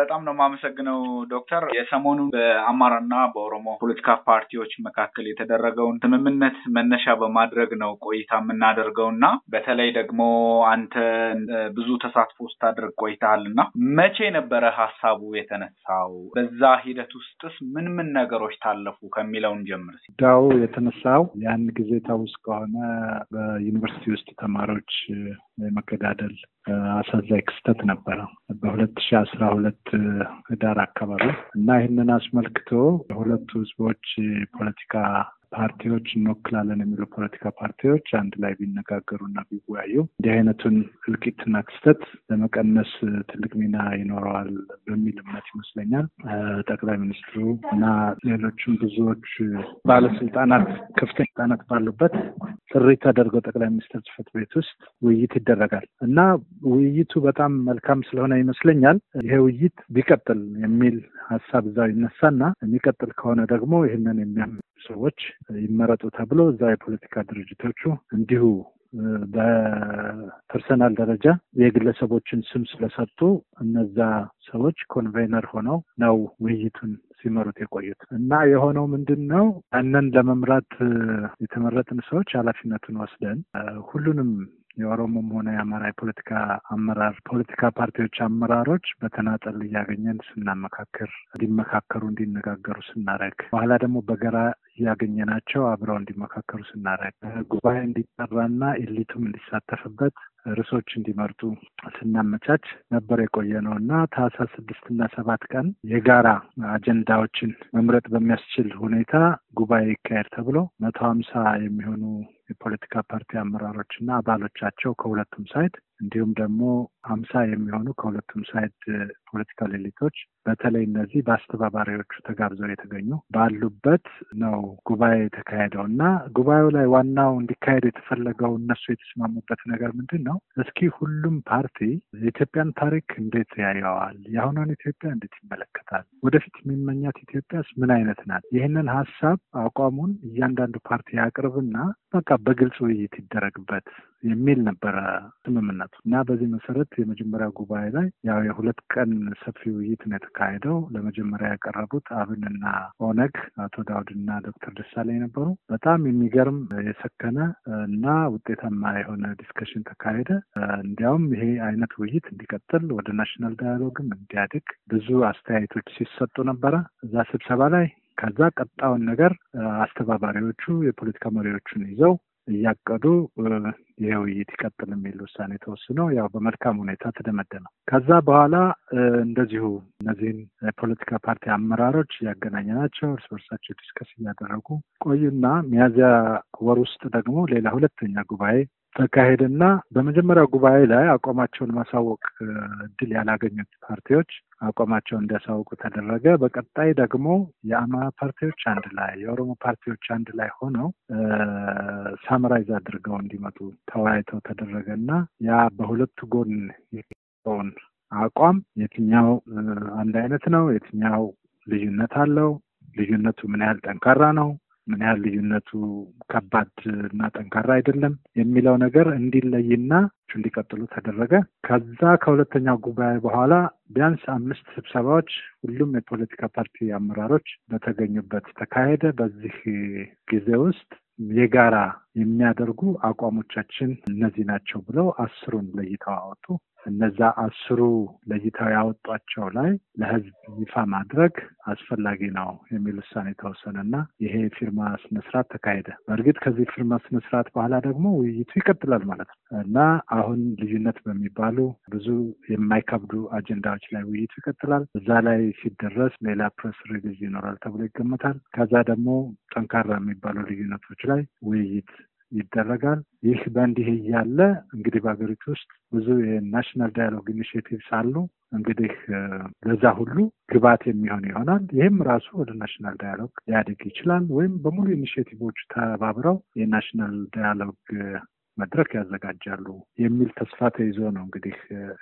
በጣም ነው የማመሰግነው ዶክተር። የሰሞኑን በአማራና በኦሮሞ ፖለቲካ ፓርቲዎች መካከል የተደረገውን ስምምነት መነሻ በማድረግ ነው ቆይታ የምናደርገው እና በተለይ ደግሞ አንተ ብዙ ተሳትፎ ስታደርግ ቆይተሃል እና መቼ ነበረ ሀሳቡ የተነሳው? በዛ ሂደት ውስጥስ ምን ምን ነገሮች ታለፉ ከሚለውን ጀምር። ዳው የተነሳው ያን ጊዜ ታውስ ከሆነ በዩኒቨርሲቲ ውስጥ ተማሪዎች የመገዳደል አሳዛኝ ክስተት ነበረ በሁለት ሺ አስራ ሁለት ህዳር አካባቢ እና ይህንን አስመልክቶ ሁለቱ ህዝቦች ፖለቲካ ፓርቲዎች እንወክላለን የሚሉ ፖለቲካ ፓርቲዎች አንድ ላይ ቢነጋገሩ እና ቢወያዩ እንዲህ አይነቱን እልቂትና ክስተት ለመቀነስ ትልቅ ሚና ይኖረዋል በሚል እምነት ይመስለኛል ጠቅላይ ሚኒስትሩ እና ሌሎችም ብዙዎች ባለስልጣናት ከፍተኛ ስልጣናት ባሉበት ጥሪ ተደርገው ጠቅላይ ሚኒስትር ጽህፈት ቤት ውስጥ ውይይት ይደረጋል እና ውይይቱ በጣም መልካም ስለሆነ ይመስለኛል ይሄ ውይይት ቢቀጥል የሚል ሀሳብ እዛው ይነሳና የሚቀጥል ከሆነ ደግሞ ይህንን የሚያ ሰዎች ይመረጡ ተብሎ እዛ የፖለቲካ ድርጅቶቹ እንዲሁ በፐርሰናል ደረጃ የግለሰቦችን ስም ስለሰጡ እነዛ ሰዎች ኮንቬነር ሆነው ነው ውይይቱን ሲመሩት የቆዩት እና የሆነው ምንድን ነው? ያንን ለመምራት የተመረጥን ሰዎች ኃላፊነቱን ወስደን ሁሉንም የኦሮሞም ሆነ የአማራ የፖለቲካ አመራር ፖለቲካ ፓርቲዎች አመራሮች በተናጠል እያገኘን ስናመካክር፣ እንዲመካከሩ፣ እንዲነጋገሩ ስናደርግ በኋላ ደግሞ እያገኘ እያገኘናቸው አብረው እንዲመካከሩ ስናደርግ ጉባኤ እንዲጠራና ኢሊቱም እንዲሳተፍበት ርዕሶች እንዲመርጡ ስናመቻች ነበር የቆየ ነው እና ታህሳስ እና ሰባት ቀን የጋራ አጀንዳዎችን መምረጥ በሚያስችል ሁኔታ ጉባኤ ይካሄድ ተብሎ መቶ ሀምሳ የሚሆኑ የፖለቲካ ፓርቲ አመራሮች እና አባሎቻቸው ከሁለቱም ሳይት እንዲሁም ደግሞ አምሳ የሚሆኑ ከሁለቱም ሳይድ ፖለቲካል ኤሊቶች በተለይ እነዚህ በአስተባባሪዎቹ ተጋብዘው የተገኙ ባሉበት ነው ጉባኤ የተካሄደው እና ጉባኤው ላይ ዋናው እንዲካሄድ የተፈለገው እነሱ የተስማሙበት ነገር ምንድን ነው? እስኪ ሁሉም ፓርቲ የኢትዮጵያን ታሪክ እንዴት ያየዋል? የአሁኗን ኢትዮጵያ እንዴት ይመለከታል? ወደፊት የሚመኛት ኢትዮጵያስ ምን አይነት ናት? ይህንን ሀሳብ አቋሙን እያንዳንዱ ፓርቲ ያቅርብና በቃ በግልጽ ውይይት ይደረግበት የሚል ነበረ ስምምነቱ እና በዚህ መሰረት የመጀመሪያ ጉባኤ ላይ ያው የሁለት ቀን ሰፊ ውይይት ነው የተካሄደው። ለመጀመሪያ ያቀረቡት አብንና ኦነግ አቶ ዳውድና ዶክተር ደሳለኝ ነበሩ። በጣም የሚገርም የሰከነ እና ውጤታማ የሆነ ዲስከሽን ተካሄደ። እንዲያውም ይሄ አይነት ውይይት እንዲቀጥል ወደ ናሽናል ዳያሎግም እንዲያድግ ብዙ አስተያየቶች ሲሰጡ ነበረ እዛ ስብሰባ ላይ ከዛ ቀጣውን ነገር አስተባባሪዎቹ የፖለቲካ መሪዎቹን ይዘው እያቀዱ ይሄ ውይይት ይቀጥል የሚል ውሳኔ ተወስኖ ያው በመልካም ሁኔታ ተደመደመ። ከዛ በኋላ እንደዚሁ እነዚህን የፖለቲካ ፓርቲ አመራሮች እያገናኘ ናቸው እርስ በርሳቸው ዲስከስ እያደረጉ ቆዩና ሚያዚያ ወር ውስጥ ደግሞ ሌላ ሁለተኛ ጉባኤ ተካሄደና በመጀመሪያው ጉባኤ ላይ አቋማቸውን ማሳወቅ እድል ያላገኙት ፓርቲዎች አቋማቸውን እንዲያሳውቁ ተደረገ። በቀጣይ ደግሞ የአማራ ፓርቲዎች አንድ ላይ፣ የኦሮሞ ፓርቲዎች አንድ ላይ ሆነው ሳምራይዝ አድርገው እንዲመጡ ተወያይተው ተደረገ እና ያ በሁለቱ ጎን የውን አቋም የትኛው አንድ አይነት ነው፣ የትኛው ልዩነት አለው፣ ልዩነቱ ምን ያህል ጠንካራ ነው ምን ያህል ልዩነቱ ከባድ እና ጠንካራ አይደለም የሚለው ነገር እንዲለይና እንዲቀጥሉ ተደረገ። ከዛ ከሁለተኛው ጉባኤ በኋላ ቢያንስ አምስት ስብሰባዎች ሁሉም የፖለቲካ ፓርቲ አመራሮች በተገኙበት ተካሄደ። በዚህ ጊዜ ውስጥ የጋራ የሚያደርጉ አቋሞቻችን እነዚህ ናቸው ብለው አስሩን ለይተው አወጡ። እነዛ አስሩ ለይተው ያወጧቸው ላይ ለህዝብ ይፋ ማድረግ አስፈላጊ ነው የሚል ውሳኔ ተወሰነ እና ይሄ ፊርማ ስነስርዓት ተካሄደ። በእርግጥ ከዚህ ፊርማ ስነስርዓት በኋላ ደግሞ ውይይቱ ይቀጥላል ማለት ነው እና አሁን ልዩነት በሚባሉ ብዙ የማይከብዱ አጀንዳዎች ላይ ውይይቱ ይቀጥላል። እዛ ላይ ሲደረስ ሌላ ፕሬስ ሪሊዝ ይኖራል ተብሎ ይገመታል። ከዛ ደግሞ ጠንካራ የሚባሉ ልዩነቶች ላይ ውይይት ይደረጋል። ይህ በእንዲህ እያለ እንግዲህ በሀገሪቱ ውስጥ ብዙ የናሽናል ዳያሎግ ኢኒሽቲቭስ አሉ። እንግዲህ ለዛ ሁሉ ግብዓት የሚሆን ይሆናል። ይህም ራሱ ወደ ናሽናል ዳያሎግ ሊያድግ ይችላል። ወይም በሙሉ ኢኒሽቲቮች ተባብረው የናሽናል ዳያሎግ መድረክ ያዘጋጃሉ የሚል ተስፋ ተይዞ ነው እንግዲህ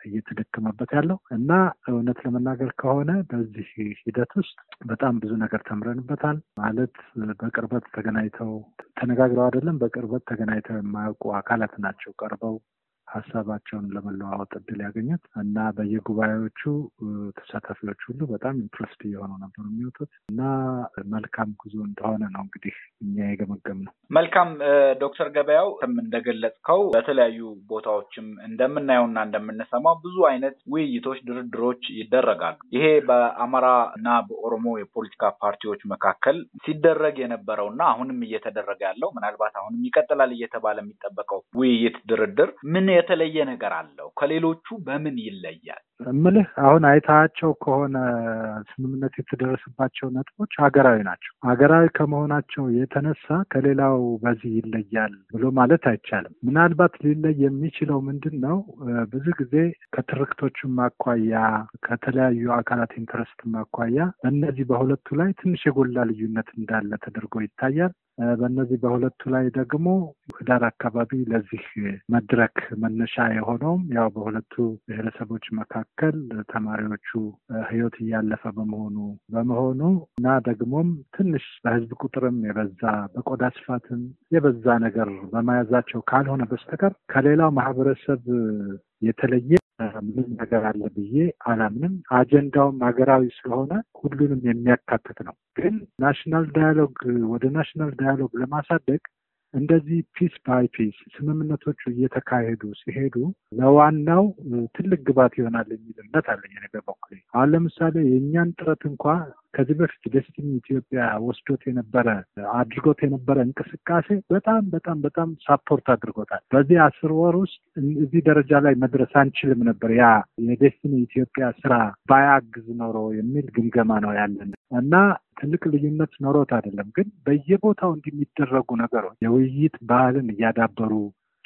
እየተደከመበት ያለው እና እውነት ለመናገር ከሆነ በዚህ ሂደት ውስጥ በጣም ብዙ ነገር ተምረንበታል። ማለት በቅርበት ተገናኝተው ተነጋግረው አይደለም፣ በቅርበት ተገናኝተው የማያውቁ አካላት ናቸው ቀርበው ሀሳባቸውን ለመለዋወጥ እድል ያገኙት እና በየጉባኤዎቹ ተሳታፊዎች ሁሉ በጣም ኢንትረስት የሆኑ ነበር የሚወጡት እና መልካም ጉዞ እንደሆነ ነው እንግዲህ እኛ የገመገም ነው። መልካም ዶክተር ገበያው እንደገለጽከው በተለያዩ ቦታዎችም እንደምናየውና እንደምንሰማው ብዙ አይነት ውይይቶች፣ ድርድሮች ይደረጋሉ። ይሄ እና በኦሮሞ የፖለቲካ ፓርቲዎች መካከል ሲደረግ የነበረውና አሁንም እየተደረገ ያለው ምናልባት አሁንም ይቀጥላል እየተባለ የሚጠበቀው ውይይት ድርድር ምን የተለየ ነገር አለው? ከሌሎቹ በምን ይለያል? እምልህ አሁን አይታቸው ከሆነ ስምምነት የተደረሰባቸው ነጥቦች ሀገራዊ ናቸው። ሀገራዊ ከመሆናቸው የተነሳ ከሌላው በዚህ ይለያል ብሎ ማለት አይቻልም። ምናልባት ሊለይ የሚችለው ምንድን ነው? ብዙ ጊዜ ከትርክቶቹም ማኳያ ከተለያዩ አካላት ኢንትረስት ማኳያ በእነዚህ በሁለቱ ላይ ትንሽ የጎላ ልዩነት እንዳለ ተደርጎ ይታያል። በእነዚህ በሁለቱ ላይ ደግሞ ህዳር አካባቢ ለዚህ መድረክ መነሻ የሆነውም ያው በሁለቱ ብሔረሰቦች መካከል መካከል ተማሪዎቹ ህይወት እያለፈ በመሆኑ በመሆኑ እና ደግሞም ትንሽ በህዝብ ቁጥርም የበዛ በቆዳ ስፋትም የበዛ ነገር በመያዛቸው ካልሆነ በስተቀር ከሌላው ማህበረሰብ የተለየ ምን ነገር አለ ብዬ አላምንም። አጀንዳውም ሀገራዊ ስለሆነ ሁሉንም የሚያካትት ነው። ግን ናሽናል ዳያሎግ ወደ ናሽናል ዳያሎግ ለማሳደግ እንደዚህ ፒስ ባይ ፒስ ስምምነቶቹ እየተካሄዱ ሲሄዱ ለዋናው ትልቅ ግባት ይሆናል የሚል እምነት አለኝ እኔ በበኩሌ። አሁን ለምሳሌ የእኛን ጥረት እንኳ ከዚህ በፊት ደስቲኒ ኢትዮጵያ ወስዶት የነበረ አድርጎት የነበረ እንቅስቃሴ በጣም በጣም በጣም ሳፖርት አድርጎታል። በዚህ አስር ወር ውስጥ እዚህ ደረጃ ላይ መድረስ አንችልም ነበር ያ የደስቲኒ ኢትዮጵያ ስራ ባያግዝ ኖሮ የሚል ግምገማ ነው ያለን እና ትልቅ ልዩነት ኖሮት አይደለም፣ ግን በየቦታው እንዲሚደረጉ ነገሮች የውይይት ባህልን እያዳበሩ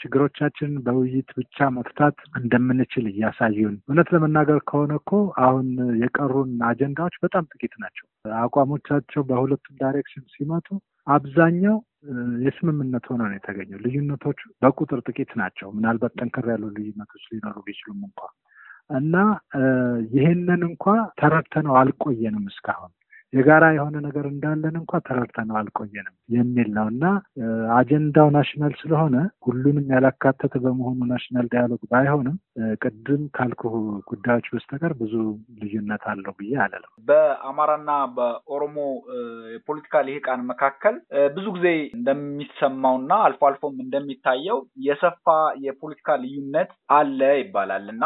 ችግሮቻችንን በውይይት ብቻ መፍታት እንደምንችል እያሳዩን። እውነት ለመናገር ከሆነ እኮ አሁን የቀሩን አጀንዳዎች በጣም ጥቂት ናቸው። አቋሞቻቸው በሁለቱም ዳይሬክሽን ሲመጡ አብዛኛው የስምምነት ሆነ ነው የተገኘው። ልዩነቶቹ በቁጥር ጥቂት ናቸው። ምናልባት ጠንከር ያሉ ልዩነቶች ሊኖሩ ቢችሉም እንኳ እና ይህንን እንኳ ተረድተነው አልቆየንም እስካሁን የጋራ የሆነ ነገር እንዳለን እንኳ ተረድተነው አልቆየንም የሚል ነው እና አጀንዳው ናሽናል ስለሆነ ሁሉንም ያላካተተ በመሆኑ ናሽናል ዳያሎግ ባይሆንም ቅድም ካልኩ ጉዳዮች በስተቀር ብዙ ልዩነት አለው ብዬ አለለም። በአማራና በኦሮሞ የፖለቲካ ልሂቃን መካከል ብዙ ጊዜ እንደሚሰማውና አልፎ አልፎም እንደሚታየው የሰፋ የፖለቲካ ልዩነት አለ ይባላል እና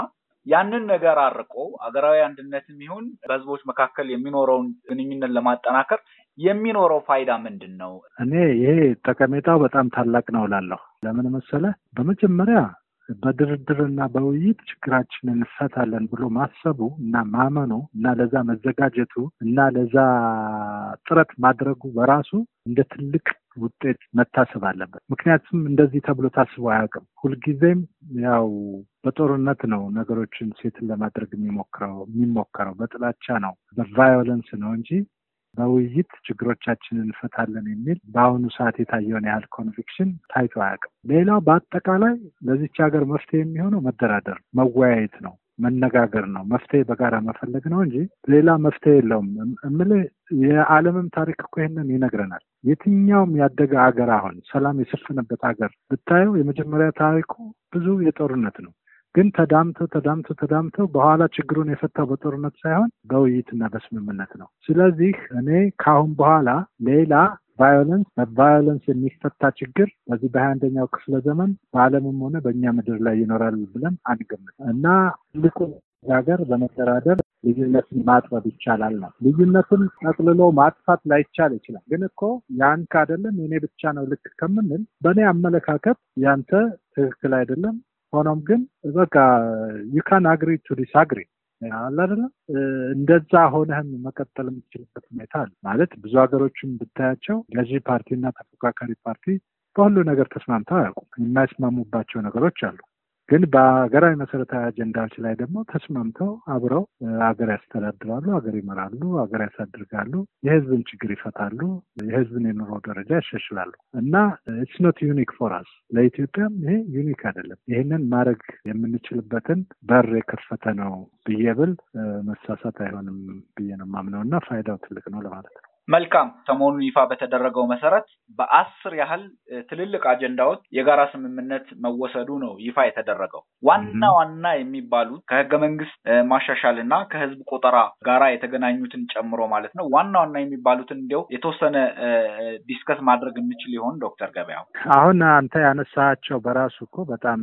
ያንን ነገር አርቆ አገራዊ አንድነትም ይሁን በህዝቦች መካከል የሚኖረውን ግንኙነት ለማጠናከር የሚኖረው ፋይዳ ምንድን ነው? እኔ ይሄ ጠቀሜታው በጣም ታላቅ ነው እላለሁ። ለምን መሰለህ? በመጀመሪያ በድርድርና በውይይት ችግራችንን እንፈታለን ብሎ ማሰቡ እና ማመኑ እና ለዛ መዘጋጀቱ እና ለዛ ጥረት ማድረጉ በራሱ እንደ ትልቅ ውጤት መታሰብ አለበት። ምክንያቱም እንደዚህ ተብሎ ታስቦ አያውቅም። ሁልጊዜም ያው በጦርነት ነው ነገሮችን ሴትን ለማድረግ የሚሞክረው የሚሞከረው በጥላቻ ነው፣ በቫዮለንስ ነው እንጂ በውይይት ችግሮቻችንን እንፈታለን የሚል በአሁኑ ሰዓት የታየውን ያህል ኮንቪክሽን ታይቶ አያውቅም። ሌላው በአጠቃላይ ለዚች ሀገር መፍትሄ የሚሆነው መደራደር፣ መወያየት ነው መነጋገር ነው። መፍትሄ በጋራ መፈለግ ነው እንጂ ሌላ መፍትሄ የለውም። እምልህ የዓለምም ታሪክ እኮ ይህንን ይነግረናል። የትኛውም ያደገ ሀገር አሁን ሰላም የሰፈነበት ሀገር ብታየው የመጀመሪያ ታሪኩ ብዙ የጦርነት ነው። ግን ተዳምተው ተዳምተው ተዳምተው በኋላ ችግሩን የፈታው በጦርነት ሳይሆን በውይይትና በስምምነት ነው። ስለዚህ እኔ ከአሁን በኋላ ሌላ ቫዮለንስ በቫዮለንስ የሚፈታ ችግር በዚህ በሀያ አንደኛው ክፍለ ዘመን በዓለምም ሆነ በእኛ ምድር ላይ ይኖራል ብለን አንገምት እና ትልቁ ሀገር በመደራደር ልዩነትን ማጥበብ ይቻላል ነው። ልዩነትን ጠቅልሎ ማጥፋት ላይቻል ይችላል። ግን እኮ ያንተ አይደለም የኔ ብቻ ነው ልክ ከምንል፣ በእኔ አመለካከት ያንተ ትክክል አይደለም ሆኖም ግን በቃ ዩካን አግሪ ቱ ዲስአግሪ አለ አይደለ? እንደዛ ሆነህም መቀጠል የምትችልበት ሁኔታ አለ ማለት ብዙ ሀገሮችም ብታያቸው ፓርቲ ፓርቲና ተፎካካሪ ፓርቲ በሁሉ ነገር ተስማምተው አያውቁም። የማይስማሙባቸው ነገሮች አሉ። ግን በሀገራዊ መሰረታዊ አጀንዳዎች ላይ ደግሞ ተስማምተው አብረው ሀገር ያስተዳድራሉ፣ ሀገር ይመራሉ፣ ሀገር ያሳድርጋሉ፣ የህዝብን ችግር ይፈታሉ፣ የህዝብን የኑሮ ደረጃ ያሻሽላሉ እና ኢትስ ኖት ዩኒክ ፎር አስ ለኢትዮጵያም ይሄ ዩኒክ አይደለም። ይህንን ማድረግ የምንችልበትን በር የከፈተ ነው ብዬ ብል መሳሳት አይሆንም ብዬ ነው የማምነው እና ፋይዳው ትልቅ ነው ለማለት ነው። መልካም ሰሞኑን ይፋ በተደረገው መሰረት በአስር ያህል ትልልቅ አጀንዳዎች የጋራ ስምምነት መወሰዱ ነው ይፋ የተደረገው። ዋና ዋና የሚባሉት ከህገ መንግስት ማሻሻል እና ከህዝብ ቆጠራ ጋራ የተገናኙትን ጨምሮ ማለት ነው። ዋና ዋና የሚባሉትን እንዲያው የተወሰነ ዲስከስ ማድረግ እንችል ይሆን ዶክተር ገበያው? አሁን አንተ ያነሳቸው በራሱ እኮ በጣም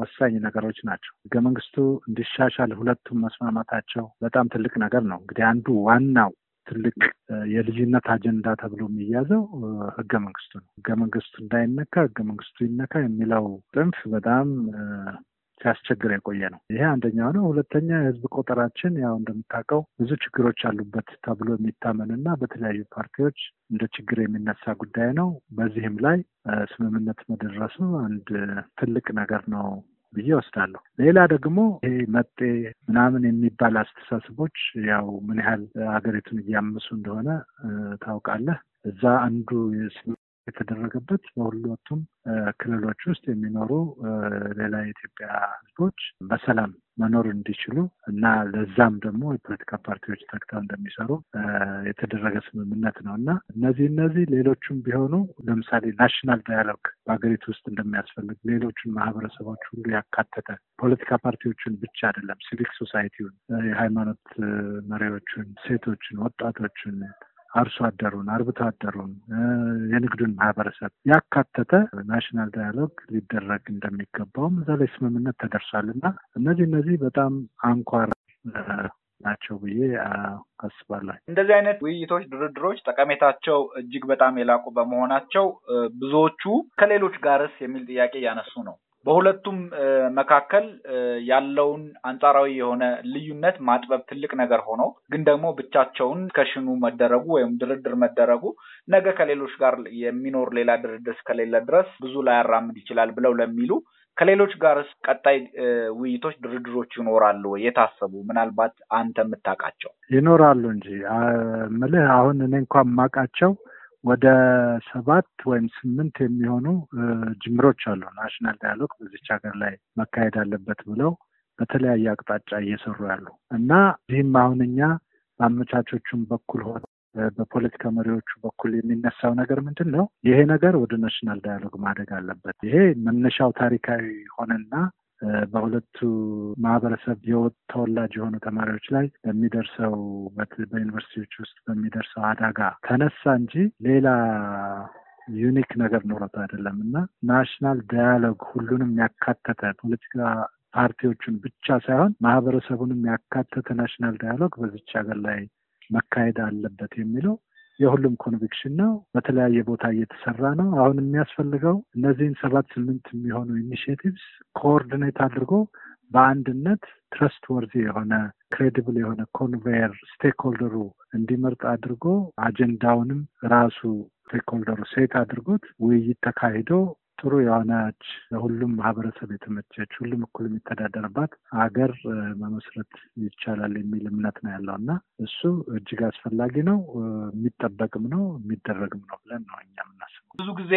ወሳኝ ነገሮች ናቸው። ህገ መንግስቱ እንዲሻሻል ሁለቱም መስማማታቸው በጣም ትልቅ ነገር ነው። እንግዲህ አንዱ ዋናው ትልቅ የልጅነት አጀንዳ ተብሎ የሚያዘው ህገ መንግስቱ ነው። ህገ መንግስቱ እንዳይነካ፣ ህገ መንግስቱ ይነካ የሚለው ጥንፍ በጣም ሲያስቸግር የቆየ ነው። ይሄ አንደኛው ነው። ሁለተኛ የህዝብ ቆጠራችን ያው እንደምታውቀው ብዙ ችግሮች አሉበት ተብሎ የሚታመን እና በተለያዩ ፓርቲዎች እንደ ችግር የሚነሳ ጉዳይ ነው። በዚህም ላይ ስምምነት መደረሱ አንድ ትልቅ ነገር ነው ብዬ ወስዳለሁ። ሌላ ደግሞ ይሄ መጤ ምናምን የሚባል አስተሳሰቦች ያው ምን ያህል ሀገሪቱን እያመሱ እንደሆነ ታውቃለህ። እዛ አንዱ የተደረገበት በሁለቱም ክልሎች ውስጥ የሚኖሩ ሌላ የኢትዮጵያ ሕዝቦች በሰላም መኖር እንዲችሉ እና ለዛም ደግሞ የፖለቲካ ፓርቲዎች ተግተው እንደሚሰሩ የተደረገ ስምምነት ነው እና እነዚህ እነዚህ ሌሎቹም ቢሆኑ ለምሳሌ ናሽናል ዳያሎግ በሀገሪቱ ውስጥ እንደሚያስፈልግ ሌሎቹን ማህበረሰቦች ሁሉ ያካተተ ፖለቲካ ፓርቲዎችን ብቻ አይደለም፣ ሲቪክ ሶሳይቲውን፣ የሃይማኖት መሪዎችን፣ ሴቶችን፣ ወጣቶችን አርሶ አደሩን፣ አርብቶ አደሩን፣ የንግዱን ማህበረሰብ ያካተተ ናሽናል ዳያሎግ ሊደረግ እንደሚገባውም እዛ ላይ ስምምነት ተደርሷል እና እነዚህ እነዚህ በጣም አንኳር ናቸው ብዬ አስባለሁ። እንደዚህ አይነት ውይይቶች፣ ድርድሮች ጠቀሜታቸው እጅግ በጣም የላቁ በመሆናቸው ብዙዎቹ ከሌሎች ጋርስ የሚል ጥያቄ እያነሱ ነው። በሁለቱም መካከል ያለውን አንጻራዊ የሆነ ልዩነት ማጥበብ ትልቅ ነገር ሆኖ ግን ደግሞ ብቻቸውን ከሽኑ መደረጉ ወይም ድርድር መደረጉ ነገ ከሌሎች ጋር የሚኖር ሌላ ድርድር እስከሌለ ድረስ ብዙ ላያራምድ ይችላል ብለው ለሚሉ ከሌሎች ጋርስ ቀጣይ ውይይቶች፣ ድርድሮች ይኖራሉ የታሰቡ ምናልባት አንተ የምታውቃቸው ይኖራሉ እንጂ ምልህ አሁን እኔ እንኳ የማውቃቸው ወደ ሰባት ወይም ስምንት የሚሆኑ ጅምሮች አሉ። ናሽናል ዳያሎግ በዚች ሀገር ላይ መካሄድ አለበት ብለው በተለያየ አቅጣጫ እየሰሩ ያሉ እና ይህም አሁን እኛ በአመቻቾቹም በኩል ሆነ በፖለቲካ መሪዎቹ በኩል የሚነሳው ነገር ምንድን ነው? ይሄ ነገር ወደ ናሽናል ዳያሎግ ማደግ አለበት። ይሄ መነሻው ታሪካዊ ሆነና በሁለቱ ማህበረሰብ የወጥ ተወላጅ የሆኑ ተማሪዎች ላይ በሚደርሰው በዩኒቨርሲቲዎች ውስጥ በሚደርሰው አደጋ ተነሳ እንጂ ሌላ ዩኒክ ነገር ኖረት አይደለም እና ናሽናል ዳያሎግ ሁሉንም ያካተተ ፖለቲካ ፓርቲዎቹን ብቻ ሳይሆን ማህበረሰቡንም ያካተተ ናሽናል ዳያሎግ በዚች ሀገር ላይ መካሄድ አለበት የሚለው የሁሉም ኮንቪክሽን ነው። በተለያየ ቦታ እየተሰራ ነው። አሁን የሚያስፈልገው እነዚህን ሰባት ስምንት የሚሆኑ ኢኒሽቲቭስ ኮኦርዲኔት አድርጎ በአንድነት ትረስት ወርዚ የሆነ ክሬዲብል የሆነ ኮንቬየር ስቴክሆልደሩ እንዲመርጥ አድርጎ አጀንዳውንም ራሱ ስቴክሆልደሩ ሴት አድርጎት ውይይት ተካሂዶ ጥሩ የሆነች ለሁሉም ማህበረሰብ የተመቸች ሁሉም እኩል የሚተዳደርባት ሀገር መመስረት ይቻላል የሚል እምነት ነው ያለው እና እሱ እጅግ አስፈላጊ ነው፣ የሚጠበቅም ነው፣ የሚደረግም ነው ብለን ነው እኛ የምናስበው። ብዙ ጊዜ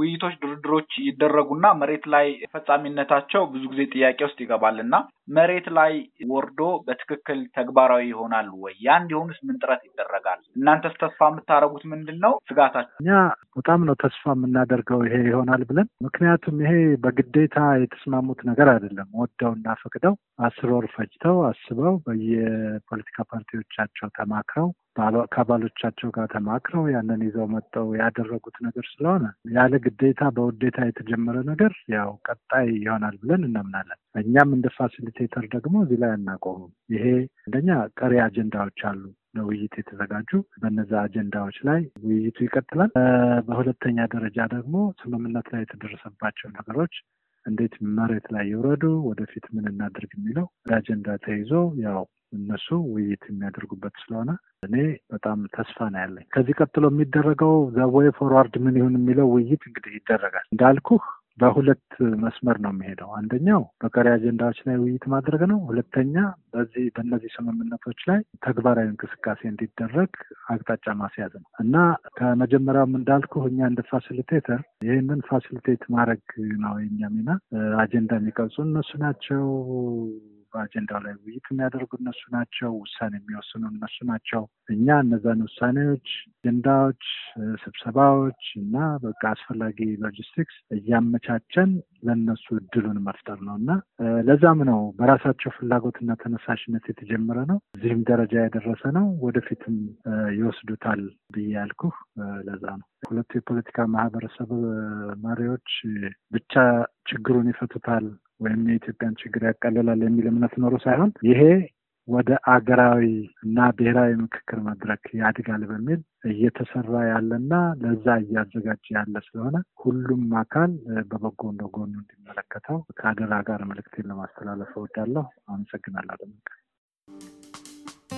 ውይይቶች፣ ድርድሮች ይደረጉና መሬት ላይ ፈጻሚነታቸው ብዙ ጊዜ ጥያቄ ውስጥ ይገባል እና መሬት ላይ ወርዶ በትክክል ተግባራዊ ይሆናሉ ወይ? ያ እንዲሆንስ ምን ጥረት ይደረጋል? እናንተስ ተስፋ የምታደርጉት ምንድን ነው? ስጋታችሁ? እኛ በጣም ነው ተስፋ የምናደርገው ይሄ ይሆናል ብለን። ምክንያቱም ይሄ በግዴታ የተስማሙት ነገር አይደለም። ወደው እና ፈቅደው አስር ወር ፈጅተው አስበው በየፖለቲካ ፓርቲዎቻቸው ተማክረው ከአባሎቻቸው ጋር ተማክረው ያንን ይዘው መጠው ያደረጉት ነገር ስለሆነ ያለ ግዴታ በውዴታ የተጀመረ ነገር ያው ቀጣይ ይሆናል ብለን እናምናለን። እኛም እንደ ፋሲሊቴተር ደግሞ እዚህ ላይ አናቆሙም። ይሄ አንደኛ ቀሪ አጀንዳዎች አሉ ለውይይት የተዘጋጁ በነዛ አጀንዳዎች ላይ ውይይቱ ይቀጥላል። በሁለተኛ ደረጃ ደግሞ ስምምነት ላይ የተደረሰባቸው ነገሮች እንዴት መሬት ላይ ይውረዱ፣ ወደፊት ምን እናድርግ የሚለው ለአጀንዳ ተይዞ ያው እነሱ ውይይት የሚያደርጉበት ስለሆነ እኔ በጣም ተስፋ ነው ያለኝ። ከዚህ ቀጥሎ የሚደረገው ዘወይ ፎርዋርድ ምን ይሁን የሚለው ውይይት እንግዲህ ይደረጋል እንዳልኩህ በሁለት መስመር ነው የሚሄደው። አንደኛው በቀሪ አጀንዳዎች ላይ ውይይት ማድረግ ነው። ሁለተኛ በዚህ በእነዚህ ስምምነቶች ላይ ተግባራዊ እንቅስቃሴ እንዲደረግ አቅጣጫ ማስያዝ ነው እና ከመጀመሪያውም እንዳልኩ እኛ እንደ ፋሲሊቴተር ይህንን ፋሲሊቴት ማድረግ ነው የኛ ሚና። አጀንዳ የሚቀርጹ እነሱ ናቸው። በአጀንዳ ላይ ውይይት የሚያደርጉ እነሱ ናቸው። ውሳኔ የሚወስኑ እነሱ ናቸው። እኛ እነዛን ውሳኔዎች፣ አጀንዳዎች፣ ስብሰባዎች እና በቃ አስፈላጊ ሎጂስቲክስ እያመቻቸን ለእነሱ እድሉን መፍጠር ነው እና ለዛም ነው በራሳቸው ፍላጎትና ተነሳሽነት የተጀመረ ነው። እዚህም ደረጃ የደረሰ ነው። ወደፊትም ይወስዱታል ብዬ ያልኩህ ለዛ ነው። ሁለቱ የፖለቲካ ማህበረሰብ መሪዎች ብቻ ችግሩን ይፈቱታል ወይም የኢትዮጵያን ችግር ያቀልላል የሚል እምነት ኖሮ ሳይሆን ይሄ ወደ አገራዊ እና ብሔራዊ ምክክር መድረክ ያድጋል በሚል እየተሰራ ያለና ለዛ እያዘጋጀ ያለ ስለሆነ ሁሉም አካል በበጎ እንደ ጎኑ እንዲመለከተው ከአደራ ጋር መልእክቴን ለማስተላለፍ እወዳለሁ። አመሰግናለሁ።